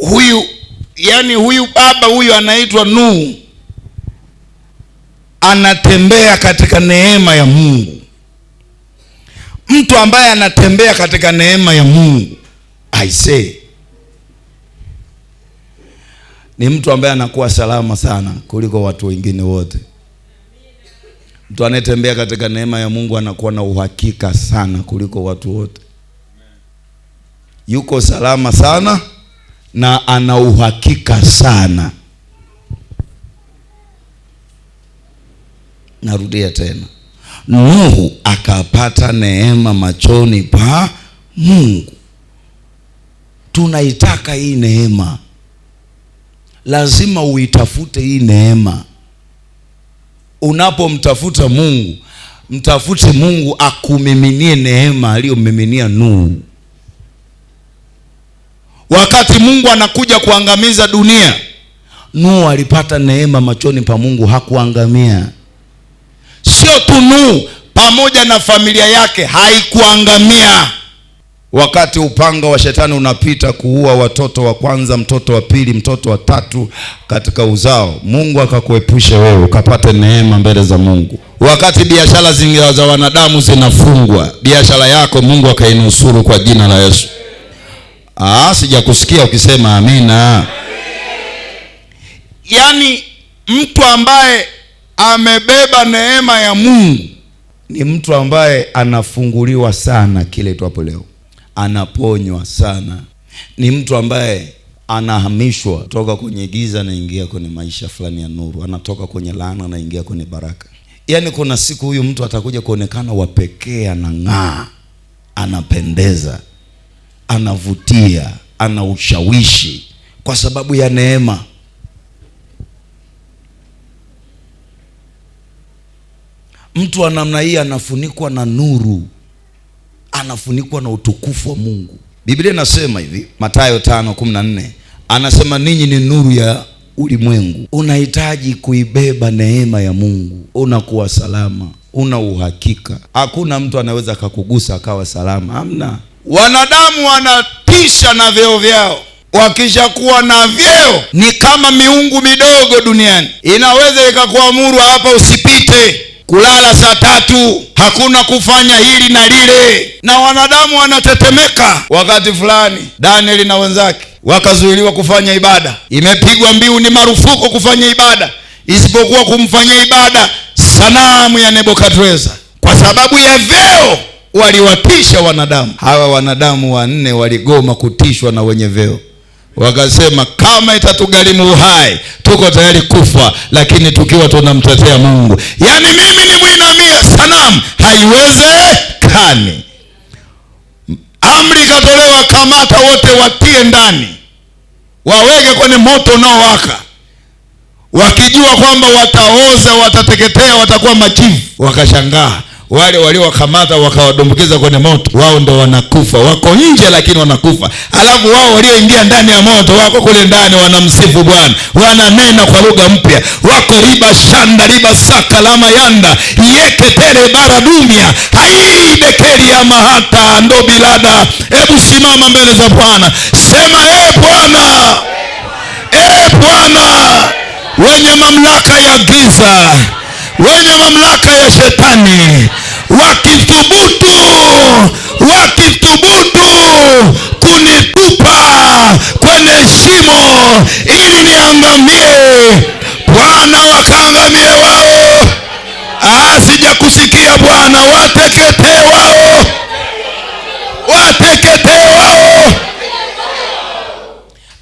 huyu yani huyu baba huyu anaitwa Nuhu anatembea katika neema ya Mungu. Mtu ambaye anatembea katika neema ya Mungu I say ni mtu ambaye anakuwa salama sana kuliko watu wengine wote. Mtu anayetembea katika neema ya Mungu anakuwa na uhakika sana kuliko watu wote, yuko salama sana na ana uhakika sana. Narudia tena, Nuhu akapata neema machoni pa Mungu. Tunaitaka hii neema, lazima uitafute hii neema. Unapomtafuta Mungu, mtafute Mungu akumiminie neema aliyomiminia Nuhu. Wakati Mungu anakuja kuangamiza dunia, Nuhu alipata neema machoni pa Mungu, hakuangamia. Sio tu Nuhu, pamoja na familia yake haikuangamia. Wakati upanga wa shetani unapita kuua watoto wa kwanza, mtoto wa pili, mtoto wa tatu katika uzao, Mungu akakuepusha wewe ukapate neema mbele za Mungu. Wakati biashara za wanadamu zinafungwa, biashara yako Mungu akainusuru kwa jina la Yesu. Ah, sijakusikia ukisema amina. Yaani mtu ambaye amebeba neema ya Mungu ni mtu ambaye anafunguliwa sana kile tu hapo leo, anaponywa sana, ni mtu ambaye anahamishwa toka kwenye giza anaingia kwenye maisha fulani ya nuru, anatoka kwenye laana anaingia kwenye baraka. Yaani kuna siku huyu mtu atakuja kuonekana wa pekee, anang'aa, anapendeza anavutia, ana ushawishi kwa sababu ya neema. Mtu wa namna hii anafunikwa na nuru, anafunikwa na utukufu wa Mungu. Biblia inasema hivi, Mathayo 5:14 anasema ninyi ni nuru ya ulimwengu. Unahitaji kuibeba neema ya Mungu, unakuwa salama, una uhakika. Hakuna mtu anaweza akakugusa akawa salama, hamna. Wanadamu wanatisha na vyeo vyao. Wakishakuwa na vyeo ni kama miungu midogo duniani, inaweza ikakuamuru hapa usipite, kulala saa tatu, hakuna kufanya hili na lile, na wanadamu wanatetemeka. Wakati fulani Danieli na wenzake wakazuiliwa kufanya ibada, imepigwa mbiu ni marufuku kufanya ibada isipokuwa kumfanyia ibada sanamu ya Nebukadreza kwa sababu ya vyeo waliwatisha wanadamu. Hawa wanadamu wanne waligoma kutishwa na wenye vyeo, wakasema kama itatugharimu uhai, tuko tayari kufa, lakini tukiwa tunamtetea Mungu. Yaani mimi nimwinamie sanamu, haiwezekani. Amri ikatolewa, kamata wote, watie ndani, waweke kwenye moto unaowaka wakijua kwamba wataoza, watateketea, watakuwa majivu. Wakashangaa, wale waliowakamata wakawadumbukiza kwenye moto, wao ndo wanakufa. Wako nje lakini wanakufa, alafu wao walioingia ndani ya moto wako kule ndani, wanamsifu Bwana, wananena kwa lugha mpya, wako riba shanda riba saka lama yanda yeketere baradumia ya mahata ndo bilada. Hebu simama mbele za Bwana, sema e Bwana, e Bwana, wenye mamlaka ya giza, wenye mamlaka ya shetani wakithubutu wakithubutu kunitupa kwenye shimo ili niangamie. Bwana wakaangamie wao, asijakusikia ah, Bwana, wateketee wao, wateketee wao.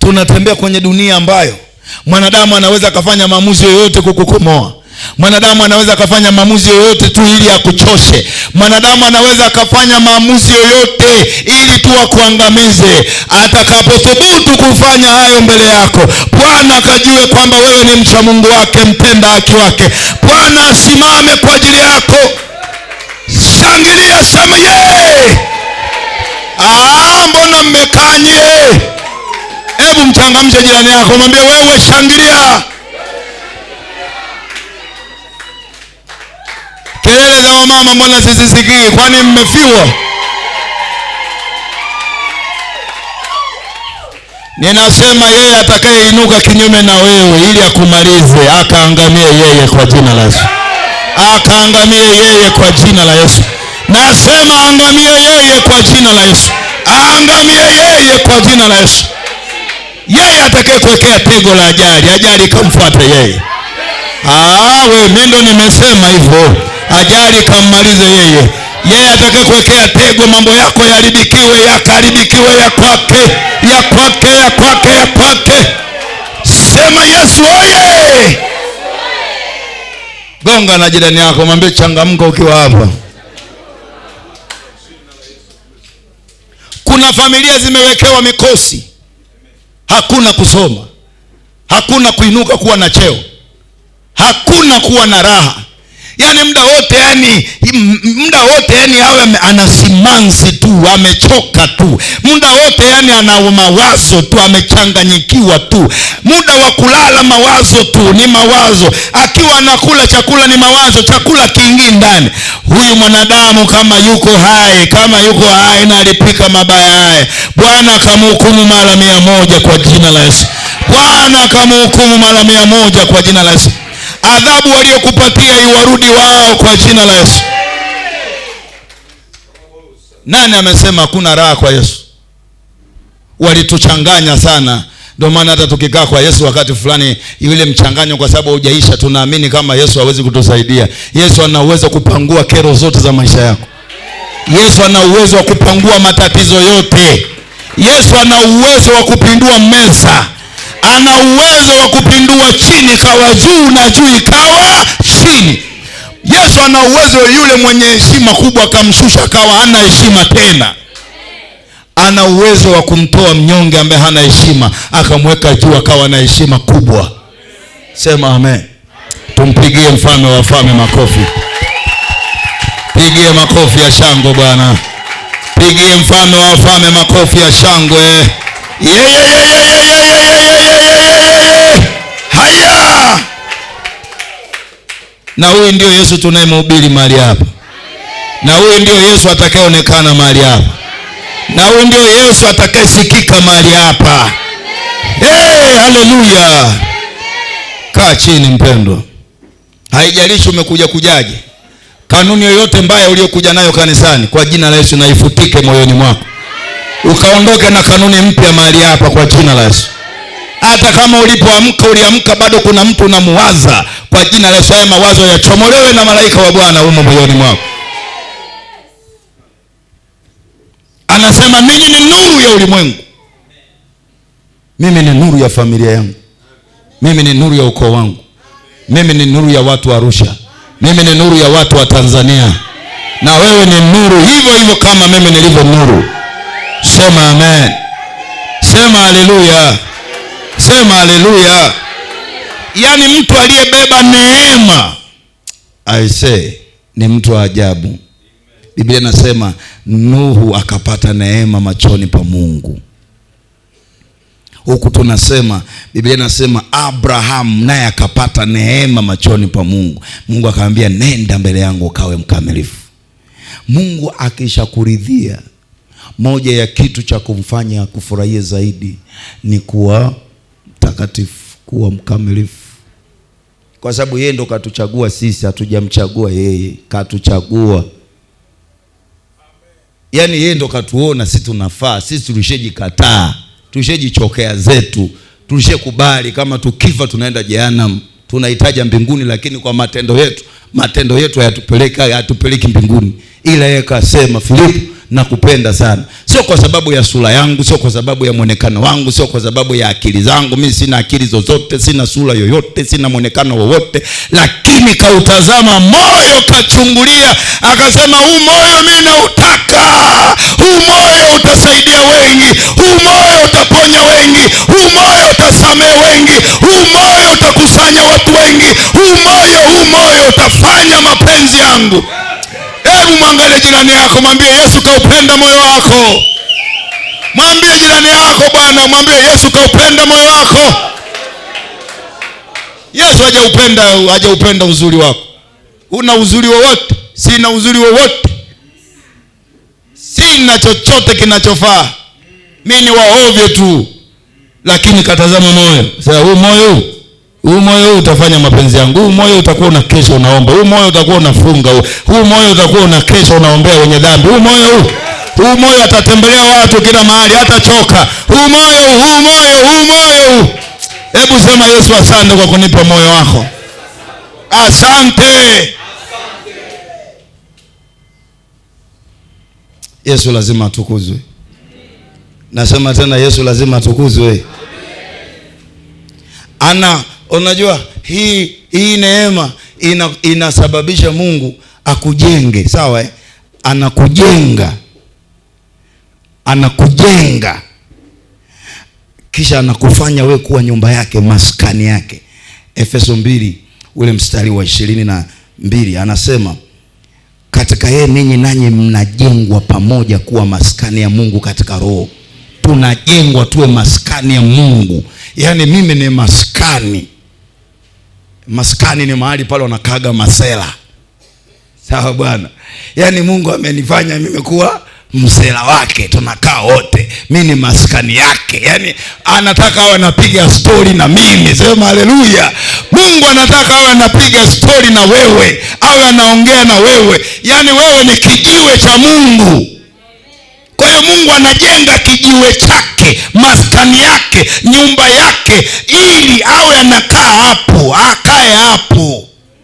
Tunatembea kwenye dunia ambayo mwanadamu anaweza akafanya maamuzi yoyote kukukomoa Mwanadamu anaweza akafanya maamuzi yoyote tu ili akuchoshe. Mwanadamu anaweza akafanya maamuzi yoyote ili tu akuangamize. Atakapothubutu kufanya hayo mbele yako, Bwana akajue kwamba wewe ni mcha Mungu wake, mpenda haki wake. Bwana asimame kwa ajili yako. Shangilia, sema Ah, mbona mmekanye? Hebu mchangamshe jirani yako, mwambie wewe, shangilia. Nyinyi kama mama, mbona sizisikii? Kwani mmefiwa? Ninasema yeye atakayeinuka kinyume na wewe ili akumalize, akaangamie yeye kwa jina la Yesu, akaangamie yeye kwa jina la Yesu. Nasema angamie yeye kwa jina la Yesu, aangamie yeye kwa jina la Yesu. Yeye atakayekuwekea pigo la ajali, ajali ikamfuata yeye. Ah, we mimi ndo nimesema hivyo ajali kammalize yeye. Yeye atake kuwekea tego, mambo yako yaharibikiwe, yakaharibikiwe, ya kwake, ya kwake, ya kwake, ya kwake. Sema Yesu oye! Gonga na jirani yako, mwambie changamko ukiwa hapa. Kuna familia zimewekewa mikosi, hakuna kusoma, hakuna kuinuka kuwa na cheo, hakuna kuwa na raha yani muda wote yani muda wote yani awe anasimanzi tu amechoka tu muda wote yani ana mawazo tu amechanganyikiwa tu muda wa kulala mawazo tu ni mawazo akiwa anakula chakula ni mawazo chakula kiingii ndani huyu mwanadamu kama yuko hai kama yuko hai na alipika mabaya haya bwana akamhukumu mara mia moja kwa jina la yesu bwana akamhukumu mara mia moja kwa jina la yesu adhabu waliokupatia iwarudi wao kwa jina la Yesu. Nani amesema hakuna raha kwa Yesu? Walituchanganya sana, ndio maana hata tukikaa kwa Yesu wakati fulani, yule mchanganyo, kwa sababu haujaisha, tunaamini kama Yesu hawezi kutusaidia. Yesu ana uwezo kupangua kero zote za maisha yako. Yesu ana uwezo wa kupangua matatizo yote. Yesu ana uwezo wa kupindua meza ana uwezo wa kupindua chini kawa juu na juu ikawa chini. Yesu ana uwezo, yule mwenye heshima kubwa akamshusha akawa hana heshima tena. Ana uwezo wa kumtoa mnyonge ambaye hana heshima akamweka juu akawa na heshima kubwa. Sema amen. Tumpigie mfalme wa falme makofi. Pigie makofi ya shangwe Bwana, pigie mfalme wa falme makofi ya shangwe. Yeah. na huyu ndio Yesu tunayemhubiri mahali hapa, na huyu ndio Yesu atakayeonekana mahali hapa, na huyu ndio Yesu atakayesikika mahali hapa. Hey, haleluya! Kaa chini mpendwa, haijalishi umekuja kujaje, kanuni yoyote mbaya uliyokuja nayo kanisani, kwa jina la Yesu naifutike moyoni mwako, ukaondoke na kanuni mpya mahali hapa, kwa jina la Yesu. Hata kama ulipoamka uliamka bado kuna mtu unamuwaza. Kwa jina la Yesu, haya mawazo yachomolewe na malaika wa Bwana humo moyoni mwako. Anasema mimi ni nuru ya ulimwengu, mimi ni nuru ya familia yangu, mimi ni nuru ya ukoo wangu, mimi ni nuru ya watu wa Arusha, mimi ni nuru ya watu wa Tanzania, na wewe ni nuru hivyo hivyo kama mimi nilivyo nuru. Sema amen, sema haleluya. Sema haleluya! Yaani mtu aliyebeba neema I say ni mtu wa ajabu. Biblia inasema Nuhu akapata neema machoni pa Mungu. Huku tunasema Biblia inasema Abrahamu naye akapata neema machoni pa Mungu. Mungu akamwambia nenda mbele yangu ukawe mkamilifu. Mungu akishakuridhia, moja ya kitu cha kumfanya kufurahia zaidi ni kuwa mtakatifu, kuwa mkamilifu, kwa sababu yeye ndo katuchagua sisi, hatujamchagua yeye, katuchagua. Yaani yeye ndo katuona sisi tunafaa. Sisi tulishejikataa, tulishejichokea zetu, tulishekubali kama tukifa tunaenda jehanamu, tunahitaja mbinguni, lakini kwa matendo yetu, matendo yetu hayatupeleki mbinguni, ila yeye kasema Filipo nakupenda sana, sio kwa sababu ya sura yangu, sio kwa sababu ya mwonekano wangu, sio kwa sababu ya akili zangu. Mimi sina akili zozote, sina sura yoyote, sina mwonekano wowote, lakini kautazama moyo, kachungulia, akasema huu moyo mimi nautaka, huu moyo utasaidia wengi, huu moyo utaponya wengi, huu moyo utasamehe wengi, huu moyo utakusanya watu wengi, huu moyo, huu moyo utafanya mapenzi yangu. Hebu mwangalie jirani yako, mwambie Yesu kaupenda moyo wako. Mwambie jirani yako bwana, mwambie Yesu kaupenda moyo wako. Yesu hajaupenda hajaupenda uzuri wako. Una uzuri wowote? Sina uzuri wowote, sina chochote kinachofaa. Mimi ni waovyo tu, lakini katazama moyo. Sasa huu moyo huu moyo utafanya mapenzi yangu, huu moyo utakuwa una kesho unaomba, huu moyo utakuwa unafunga, huu moyo utakuwa una kesho unaombea wenye dhambi, huu moyo huu huu moyo atatembelea watu kila mahali, choka. Huu moyo huu moyo huu moyo. Hebu sema Yesu, asante kwa kunipa moyo wako, asante, asante. Yesu lazima atukuzwe. Nasema tena Yesu lazima atukuzwe. Ana Unajua hii hii neema ina, inasababisha Mungu akujenge, sawa eh? Anakujenga, anakujenga kisha anakufanya we kuwa nyumba yake, maskani yake. Efeso mbili ule mstari wa ishirini na mbili anasema katika yeye ninyi nanyi mnajengwa pamoja kuwa maskani ya Mungu katika Roho. Tunajengwa tuwe maskani ya Mungu, yaani mimi ni maskani Maskani ni mahali pale wanakaga masela, sawa bwana. Yaani Mungu amenifanya mimi kuwa msela wake, tunakaa wote, mi ni maskani yake. Yaani anataka awe anapiga stori na mimi, sema haleluya. Mungu anataka awe anapiga stori na wewe, awe anaongea na wewe, yaani wewe ni kijiwe cha Mungu. Kwa hiyo Mungu anajenga kijiwe chake yake maskani yake nyumba yake ili awe anakaa hapo akae hapo